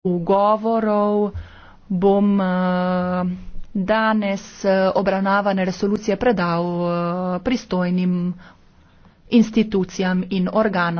ugovorov bom eh, danes eh, obravnavane resolucije predal eh, pristojnim institucijam in organom.